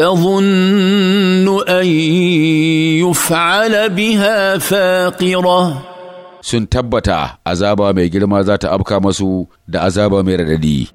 تظن أن يفعل بها فاقرة سن أزابا مي جلما ذات أبكى مسو دا أزابا مي